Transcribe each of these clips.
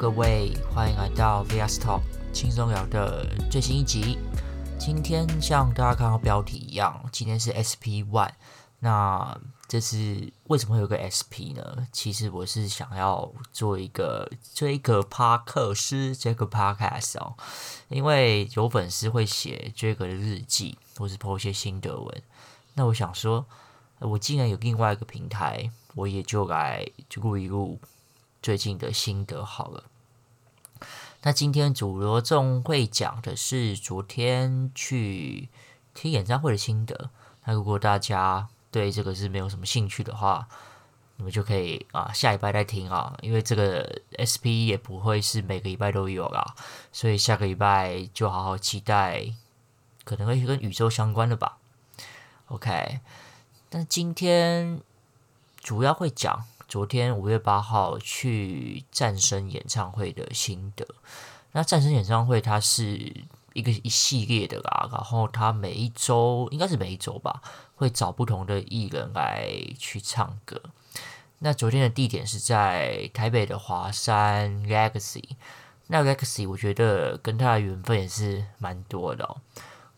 各位，歡迎來到 VS Talk 輕鬆聊的最新一集。今天像大家看到標題一樣，今天是 SP One。那這是為什麼會有個 SP 呢？其實我是想要做一個追格趴克斯，追格趴克斯哦。因為有粉絲會寫追格的日記，或是 PO 一些心得文。那我想說，我既然有另外一個平台，我也就來就錄一錄最近的心得好了。那今天主羅仲會講的是昨天去聽演唱會的心得。那如果大家對這個是沒有什麼興趣的話，你們就可以啊下禮拜再聽啊，因為這個 SP 也不會是每個禮拜都有啦，所以下個禮拜就好好期待，可能會是跟宇宙相關的吧。OK，那今天主要會講。昨天五月八號去戰神演唱會的心得。那戰神演唱會，它是一個一系列的啦，然後它每一周，應該是每一周吧，會找不同的藝人來去唱歌。那昨天的地點是在台北的華山 Legacy。那 Legacy 我覺得跟他的緣分也是蠻多的哦。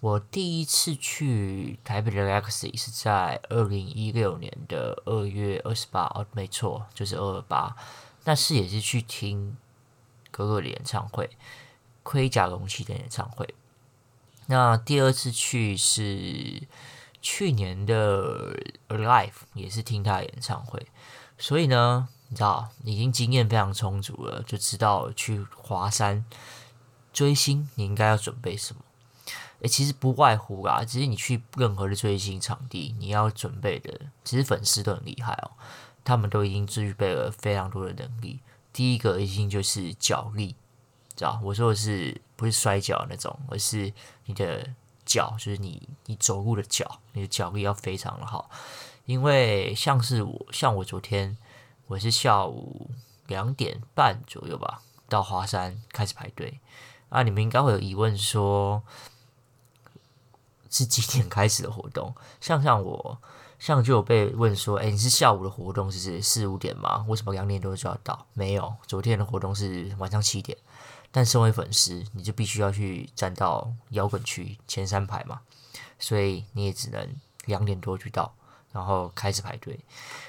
我第一次去台北的 Legacy 是在二零一六年的二月二十八，哦，沒錯，就是二二八。那是也是去聽哥哥的演唱會，《盔甲龍騎》的演唱會。那第二次去是去年的 Alive，也是聽他的演唱會。所以呢，你知道，已經經驗非常充足了，就知道去華山追星，你應該要準備什麼。誒、欸，其實不外乎啦。其實你去任何的追星場地，你要準備的，其實粉絲都很厲害哦、喔。他們都已經具備了非常多的能力。第一個已經就是腳力，知道？我說的是不是摔跤那種，而是你的腳，就是你你走路的腳，你的腳力要非常的好。因為像是我，像我昨天，我是下午兩點半左右吧，到華山開始排隊。啊，你們應該會有疑問說。是幾點開始的活動？像像我，像就有被問說，誒，你是下午的活動，是四五點嗎？為什麼兩點多就要到？沒有，昨天的活動是晚上七點。但身為粉絲，你就必須要去站到搖滾區前三排嘛，所以你也只能兩點多去到，然後開始排隊。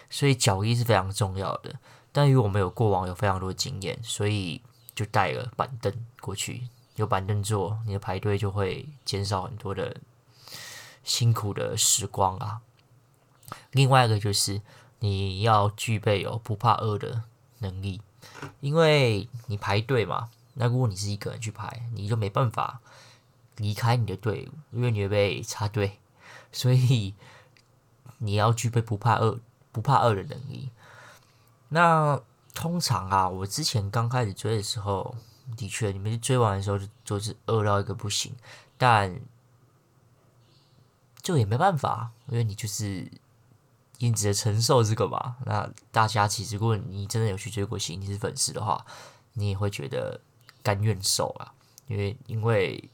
所以腳力是非常重要的。但由於我們有過往有非常多的經驗，所以就帶了板凳過去，有板凳坐，你的排隊就會減少很多的辛苦的時光啊！另外一個就是你要具備有不怕餓的能力，因為你排隊嘛，那如果你自己一個人去排，你就沒辦法離開你的隊伍，因為你會被插隊，所以你要具備不怕餓、不怕餓的能力。那通常啊，我之前剛開始追的時候，的確你們追完的時候，就是餓到一個不行，但。這也沒辦法，因為你就是一直承受這個嘛。那大家其實，如果你真的有去追過星，你是粉絲的話，你也會覺得甘願受啊。因為，因為，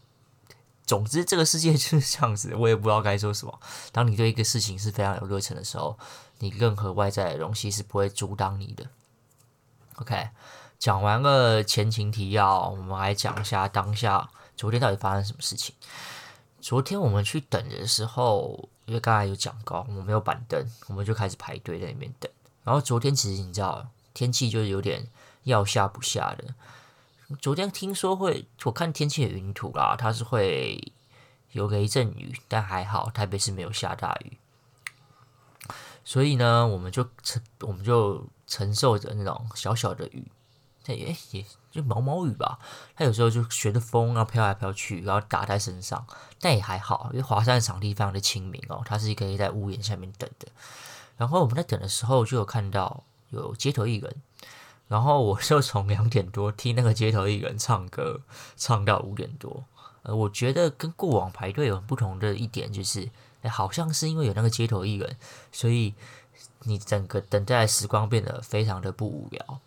總之，這個世界就是這樣子。我也不知道該說什麼。當你對一個事情是非常有熱忱的時候，你任何外在的東西是不會阻擋你的。OK，講完了前情提要，我們來講一下當下昨天到底發生什麼事情。昨天我們去等的時候，因為剛才有講過，我們沒有板凳，我們就開始排隊在那邊等。然後昨天其實你知道，天氣就是有點要下不下的。昨天聽說會，我看天氣的雲圖啦，它是會有雷陣雨，但還好台北是沒有下大雨，所以呢，我們就承我們就承受着那種小小的雨，但也就毛毛雨吧，它有時候就隨着風啊飄來飄去，然後打在身上，但也還好，因為華山的場地非常的親民哦，它是可以在屋檐下面等的。然後我們在等的時候就有看到有街頭藝人，然後我就從兩點多聽那個街頭藝人唱歌，唱到五點多。呃，我覺得跟過往排隊有很不同的一點就是，欸，好像是因為有那個街頭藝人，所以你整個等待的時光變得非常的不無聊。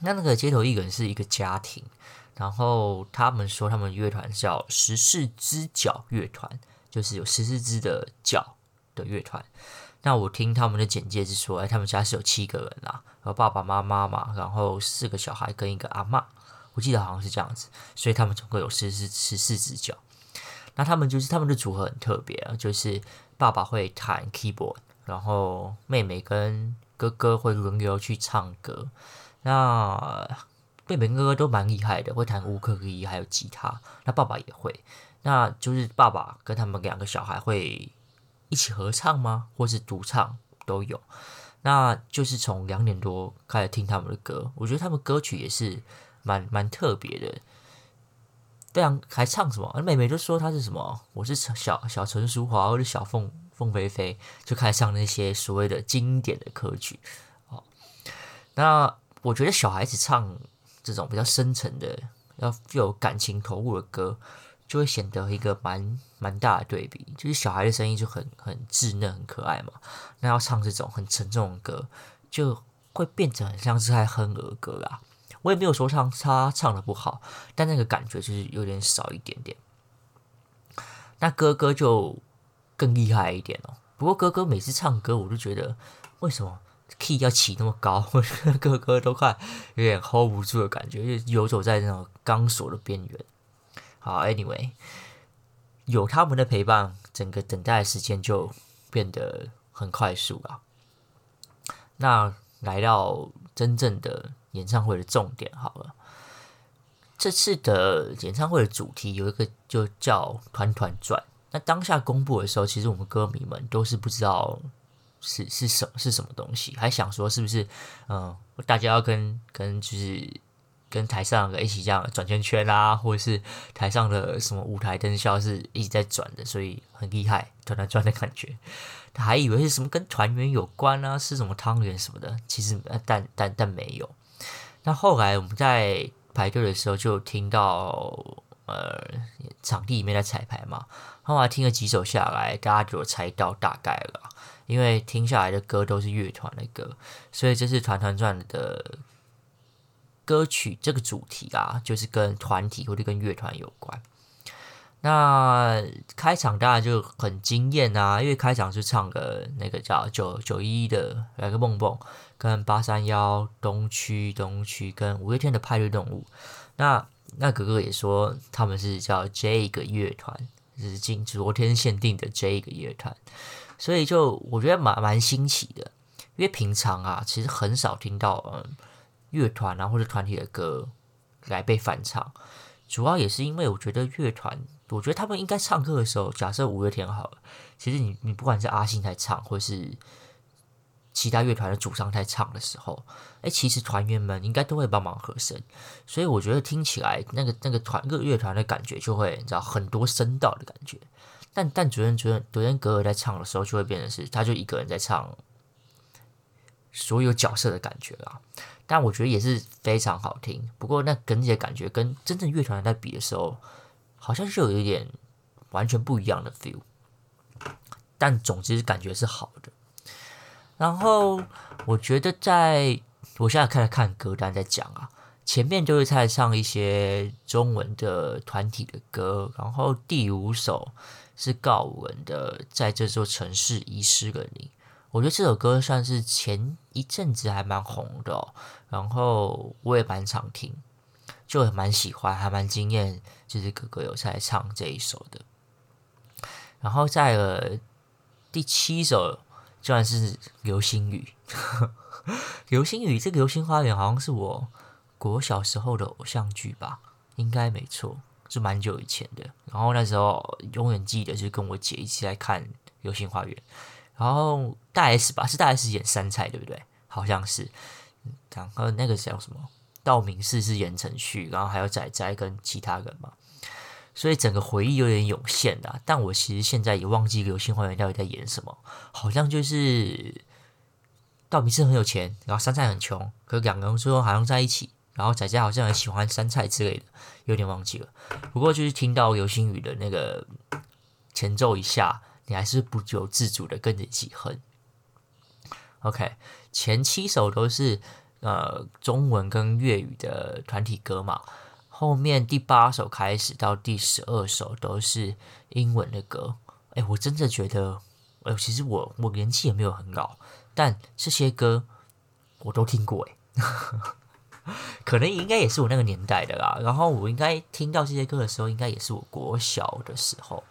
那那個街頭藝人是一個家庭，然後他們說他們樂團叫十四隻腳樂團，就是有十四隻的腳的樂團。那我聽他們的簡介是說，哎，他們家是有七個人啊，然後爸爸媽媽嘛，然後四個小孩跟一個阿嬤，我記得好像是這樣子，所以他們總共有十四十四隻腳。那他們就是他們的組合很特別啊，就是爸爸會彈 keyboard，然後妹妹跟哥哥會輪流去唱歌。那貝貝哥哥都蠻厲害的，會彈烏克麗麗還有吉他。那爸爸也會，那就是爸爸跟他們兩個小孩會一起合唱嗎？或是獨唱都有。那就是從兩點多開始聽他們的歌，我覺得他們歌曲也是蠻蠻特別的。對啊，還唱什麼？啊、妹妹都說她是什麼，我是小小陳淑樺，或是小鳳鳳飛飛，就開始唱那些所謂的經典的歌曲。哦，那。我覺得小孩子唱這種比較深沉的、要有感情投入的歌，就會顯得一個蠻蠻大的對比。就是小孩的聲音就很很稚嫩、很可愛嘛，那要唱這種很沉重的歌，就會變成很像是在哼兒歌啊。我也沒有說唱他唱得不好，但那個感覺就是有點少一點點。那哥哥就更厲害一點哦、喔。不過哥哥每次唱歌，我就覺得為什麼？key 要起那麼高，我覺得個個都快有點 hold 不住的感覺，就游走在那種鋼索的邊緣。好，anyway，有他們的陪伴，整個等待的時間就變得很快速啊。那來到真正的演唱會的重點，好了，這次的演唱會的主題有一個就叫《團團轉》。那當下公布的時候，其實我們歌迷們都是不知道。是是什是什麼東西？還想說是不是？嗯，大家要跟跟就是跟台上一起這樣轉圈圈啊，或者是台上的什麼舞台燈效是一直在轉的，所以很厲害，團團轉的感覺。他還以為是什麼跟團圓有關啊，是什麼湯圓什麼的，其實但但但沒有。那後來我們在排隊的時候就聽到。呃，場地裡面的彩排嘛，後來聽了幾首下來，大家就猜到大概了。因為聽下來的歌都是樂團的歌，所以這是團團轉的歌曲這個主題啊，就是跟團體或者跟樂團有關。那開場大家就很驚艷啊，因為開場是唱個那個叫玖壹壹的來個蹦蹦，跟八三夭東區東區，跟五月天的派對動物，那。那哥哥也說他們是叫 j 這個樂團，就是今昨天限定的 j 這個樂團，所以就我覺得蠻蠻新奇的，因為平常啊其實很少聽到嗯樂團啊或者團體的歌來被翻唱，主要也是因為我覺得樂團，我覺得他們應該唱歌的時候，假設五月天好了，其實你你不管是阿信在唱或是。其他樂團的主唱在唱的時候，哎，其實團員們應該都會幫忙和聲，所以我覺得聽起來那個那個團個樂，樂團的感覺就會，你知道很多聲道的感覺。但但主任主任，德仁格爾在唱的時候，就會變成是他就一個人在唱，所有角色的感覺啊，但我覺得也是非常好聽。不過那跟這些感覺跟真正樂團在比的時候，好像就有一點完全不一樣的 feel。但總之感覺是好的。然後我覺得在，在我現在看了看歌單，在講啊，前面就是在唱一些中文的團體的歌，然後第五首是告五人的《在這座城市遺失了你》，我覺得這首歌算是前一陣子還蠻紅的，哦，然後我也蠻常聽，就很蠻喜歡，還蠻驚艷，就是哥哥有在唱這一首的。然後再、呃、第七首。雖然是流星雨， 流星雨這個《流星花園》好像是我國小時候的偶像劇吧，應該沒錯，是蠻久以前的。然後那時候永遠記得，就是跟我姐一起來看《流星花園》，然後大 S 吧，是大 S 演杉菜對不對？好像是，然後那個叫什麼道明寺是言承旭，然後還有仔仔跟其他人嘛。所以整個回憶有點湧現的，但我其實現在也忘記流星花園到底在演什麼，好像就是道明寺很有錢，然後杉菜很窮，可是兩個人最後好像在一起，然後仔仔好像很喜歡杉菜之類的，有點忘記了。不過就是聽到流星雨的那個前奏一下，你還是不由自主的跟着起哼。OK，前七首都是呃中文跟粵語的團體歌嘛。後面第八首開始到第十二首都是英文的歌，哎、欸，我真的覺得，哎、欸，其實我我年紀也沒有很老，但這些歌我都聽過、欸，哎， 可能應該也是我那個年代的啦。然後我應該聽到這些歌的時候，應該也是我國小的時候，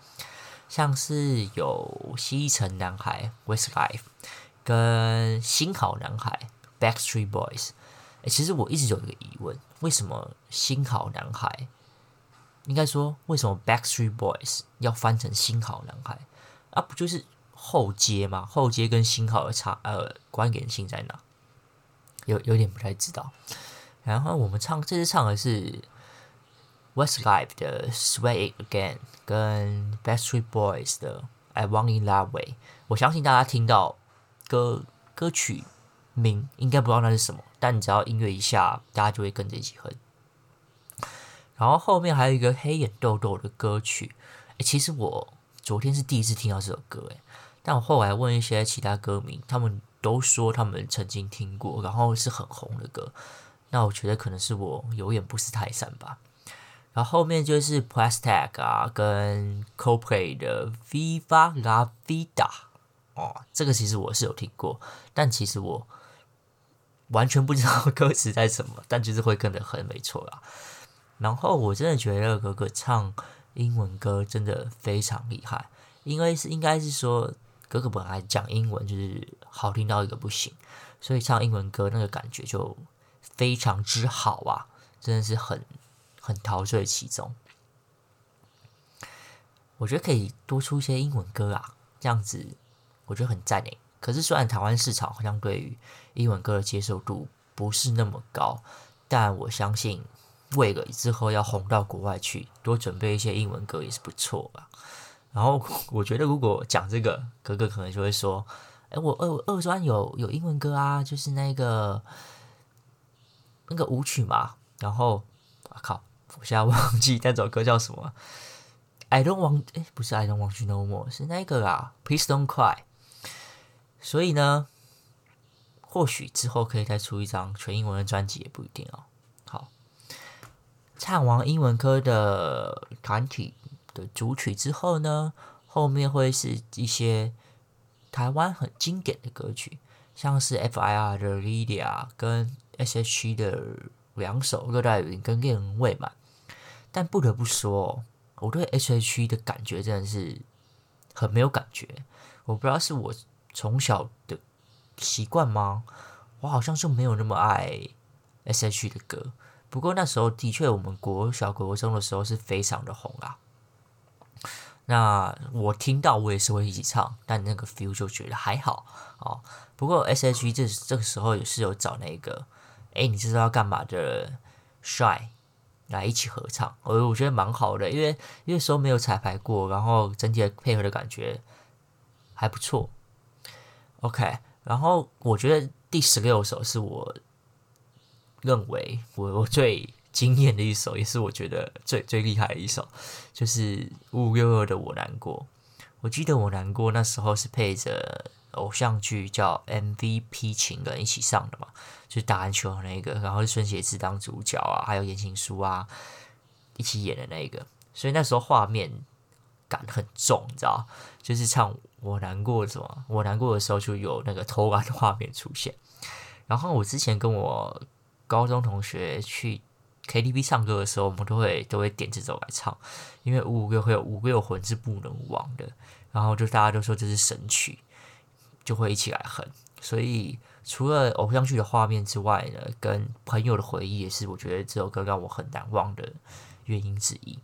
像是有西城男孩 （Westlife） 跟新好男孩 （Backstreet Boys）。其實我一直有一個疑問：為什麼新好男孩，應該說，為什麼 Backstreet Boys 要翻成新好男孩啊？不就是後街嗎？後街跟新好的差，呃、關聯性在哪？有，有點不太知道。然後我們唱，這次唱的是 Westlife 的 Swear It Again，跟 Backstreet Boys 的 I Want It That Way。我相信大家聽到歌，歌曲名應該不知道那是什麼。但你只要音樂一下，大家就會跟着一起哼。然後後面還有一個黑眼豆豆的歌曲誒，其實我昨天是第一次聽到這首歌，誒。但我後來問一些其他歌迷，他們都說他們曾經聽過，然後是很紅的歌。那我覺得可能是我有眼不識泰山吧。然後後面就是 Plastik 啊跟 Coldplay 的 Viva La Vida，哦，這個其實我是有聽過，但其實我。完全不知道歌詞在什麼，但就是會跟得很沒錯啦。然後我真的覺得哥哥唱英文歌真的非常厲害，因為是應該是說哥哥本來講英文就是好聽到一個不行，所以唱英文歌那個感覺就非常之好啊，真的是很很陶醉其中。我覺得可以多出一些英文歌啊，這樣子我覺得很讚欸。可是，雖然台灣市場好像對於英文歌的接受度不是那麼高，但我相信，為了之後要紅到國外去，多準備一些英文歌也是不錯吧。然後，我覺得如果講這個，哥哥可能就會說：“誒、欸，我二二專有有英文歌啊，就是那個那個舞曲嘛。”然後，我、啊、靠，我現在忘記那首歌叫什麼。I don't want，誒、欸，不是，I don't want you no more，是那個啊，Please don't cry。所以呢，或許之後可以再出一張全英文的專輯，也不一定哦、喔。好，唱完英文歌的團體的主曲之後呢，後面會是一些台灣很經典的歌曲，像是 F.I.R 的《Lydia》跟 S.H.E 的兩首《熱帶雨林》跟《戀人未滿》。但不得不說，我對 S.H.E 的感覺真的是很沒有感覺。我不知道是我。從小的習慣嗎？我好像就沒有那麼愛 S H 的歌，不過那時候的確我們國小、國中的時候是非常的紅啊。那我聽到我也是會一起唱，但那個 feel 就覺得還好哦。不過 S H 這這個時候也是有找那個，哎、欸，你知道要幹嘛的帥來一起合唱，我、哦、我覺得蠻好的，因為因為時候沒有彩排過，然後整體的配合的感覺還不錯。OK，然後我覺得第十六首是我認為我我最驚豔的一首，也是我覺得最最厲害的一首，就是五五六六的《我難過》。我記得我難過那時候是配着偶像劇叫 MVP 情人一起上的嘛，就是，打籃球的那一個，然後是孫協志當主角啊，還有顏行書啊一起演的那一個，所以那時候畫面感很重，你知道，就是唱。我難過什麼？我難過的時候就有那個偷玩的畫面出現。然後我之前跟我高中同學去 KTV 唱歌的時候，我們都會都會點這首來唱，因為五五六會有五六個魂是不能忘的。然後就大家都說這是神曲，就會一起來哼。所以除了偶像劇的畫面之外呢，跟朋友的回憶也是我覺得這首歌讓我很難忘的原因之一。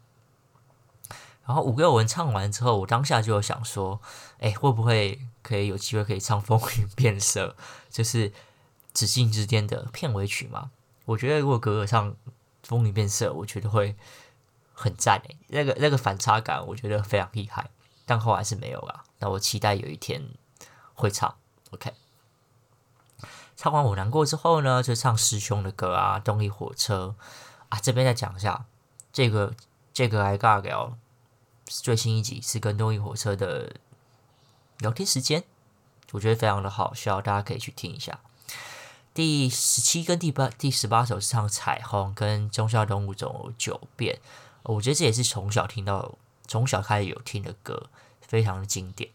然後五個文唱完之後，我當下就有想說，哎，會不會可以有機會可以唱《風雲變色》，就是《紫禁之巔》的片尾曲嘛？我覺得如果哥哥唱《風雲變色》，我覺得會很讚誒，那個那個反差感，我覺得非常厲害。但後來是沒有啦。那我期待有一天會唱。OK，唱完我難過之後呢，就唱師兄的歌啊，《動力火車》啊。這邊再講一下，這個這個來尬聊。最新一集是跟動力火車的聊天時間，我覺得非常的好笑，大家可以去聽一下。第十七跟第八、第十八首是唱彩虹跟忠孝東路走九遍，我覺得這也是從小聽到、從小開始有聽的歌，非常的經典，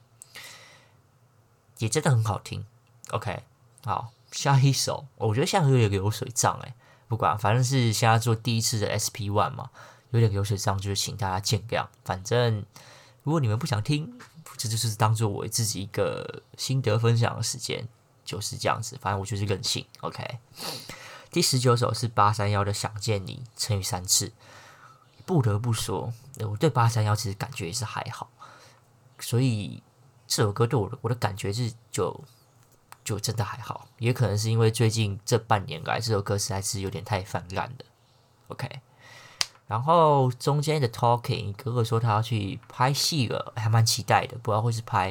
也真的很好聽。OK，好，下一首我覺得下一首有流水賬哎、欸，不管，反正是現在做第一次的 SP One 嘛。有點流水賬，就是請大家見諒。反正如果你們不想聽，這就，就是當做我自己一個心得分享的時間，就是這樣子。反正我就是任性，OK。第十九首是八三夭的《想見你》乘以三次，不得不說，我對八三夭其實感覺也是還好，所以這首歌對我的我的感覺是就就真的還好。也可能是因為最近這半年來，這首歌實在是有點太氾濫了，OK。然後中間的 talking，哥哥說他要去拍戲了，還蠻期待的。不知道會是拍，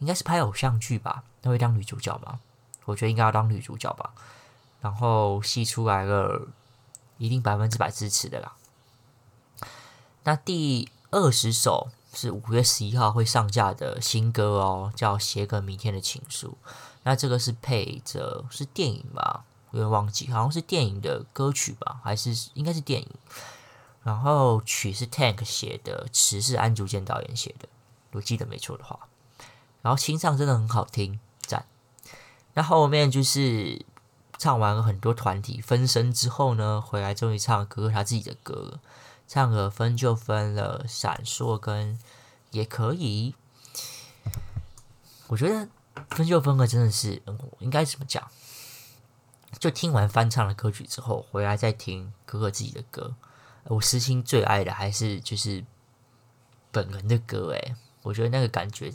應該是拍偶像劇吧？他會當女主角嗎？我覺得應該要當女主角吧。然後戲出來了，一定百分之百支持的啦。那第二十首是五月十一號會上架的新歌哦，叫寫給明天的情書。那這個是配着是電影吧？我有點忘記，好像是電影的歌曲吧？還是應該是電影？然後曲是 Tank 寫的，詞是安竹間導演寫的，我記得沒錯的話。然後清唱真的很好聽，讚。那後面就是唱完了很多團體分身之後呢，回來終於唱哥哥他自己的歌，唱了分就分了，閃爍跟也可以。我覺得分就分了，真的是、嗯、我應該怎麼講？就聽完翻唱的歌曲之後，回來再聽哥哥自己的歌。我私心最愛的還是就是本人的歌哎，欸，我覺得那個感覺，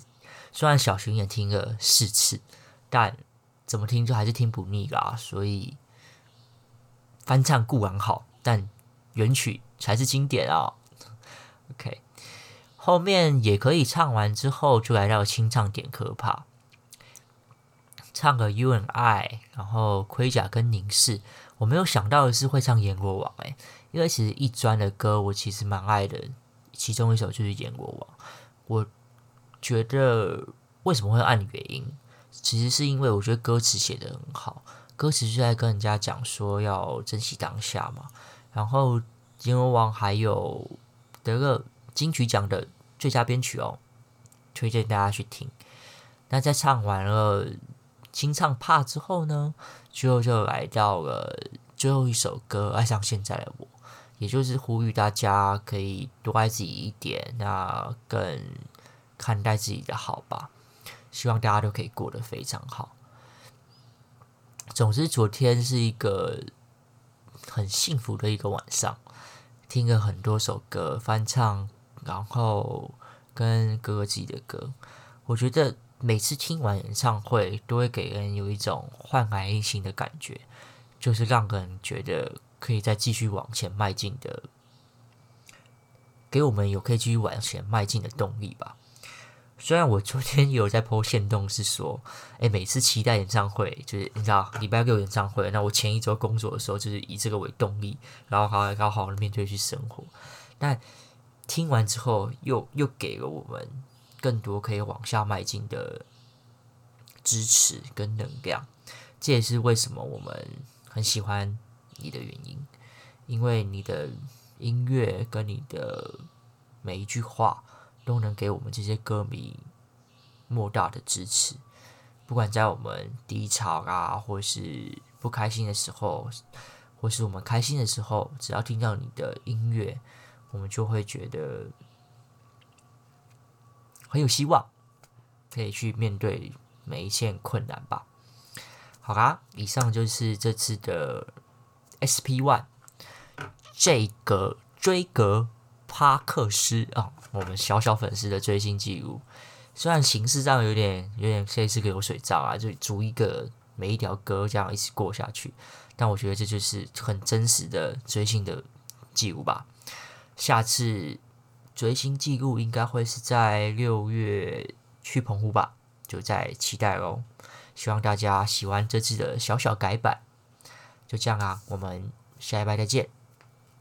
雖然小熊也聽了四次，但怎麼聽就還是聽不膩啦。所以翻唱固然好，但原曲才是經典啊，喔。OK，後面也可以唱完之後就來到清唱點，可怕，唱個，U《You and I》，然後《盔甲》跟《凝視》，我沒有想到的是會唱《閻羅王》哎。因為其實一專的歌我其實蠻愛的，其中一首就是《閻羅王》。我覺得為什麼會按原因，其實是因為我覺得歌詞寫得很好，歌詞就在跟人家講說要珍惜當下嘛。然後《閻羅王》還有得個金曲獎的最佳編曲哦，推薦大家去聽。那在唱完了清唱 part 之後呢，最後就來到了最後一首歌《愛上現在的我》。也就是呼籲大家可以多愛自己一點，那更看待自己的好吧。希望大家都可以過得非常好。總之，昨天是一個很幸福的一個晚上，聽了很多首歌翻唱，然後跟哥哥自己的歌。我覺得每次聽完演唱會，都會給人有一種煥然一新的感覺，就是讓人覺得。可以再繼續往前邁進的，給我們有可以繼續往前邁進的動力吧。雖然我昨天有在 po 限動，是說，哎，每次期待演唱會，就是你知道禮拜六演唱會，那我前一周工作的時候，就是以這個為動力，然後好好、好好地面對去生活。但聽完之後又，又又給了我們更多可以往下邁進的支持跟能量。這也是為什麼我們很喜歡。你的原因，因為你的音樂跟你的每一句話都能給我們這些歌迷莫大的支持。不管在我們低潮啊，或是不開心的時候，或是我們開心的時候，只要聽到你的音樂，我們就會覺得很有希望，可以去面對每一件困難吧。好啦、啊，以上就是這次的。1> SP One，這個追格，格趴克斯啊，我們小小粉絲的追星記錄，雖然形式上有點有點像是流水賬啊，就逐一個每一條歌這樣一直過下去，但我覺得這就是很真實的追星的記錄吧。下次追星記錄應該會是在六月去澎湖吧，就在期待嘍。希望大家喜歡這次的小小改版。就這樣啊，我們下禮拜再見。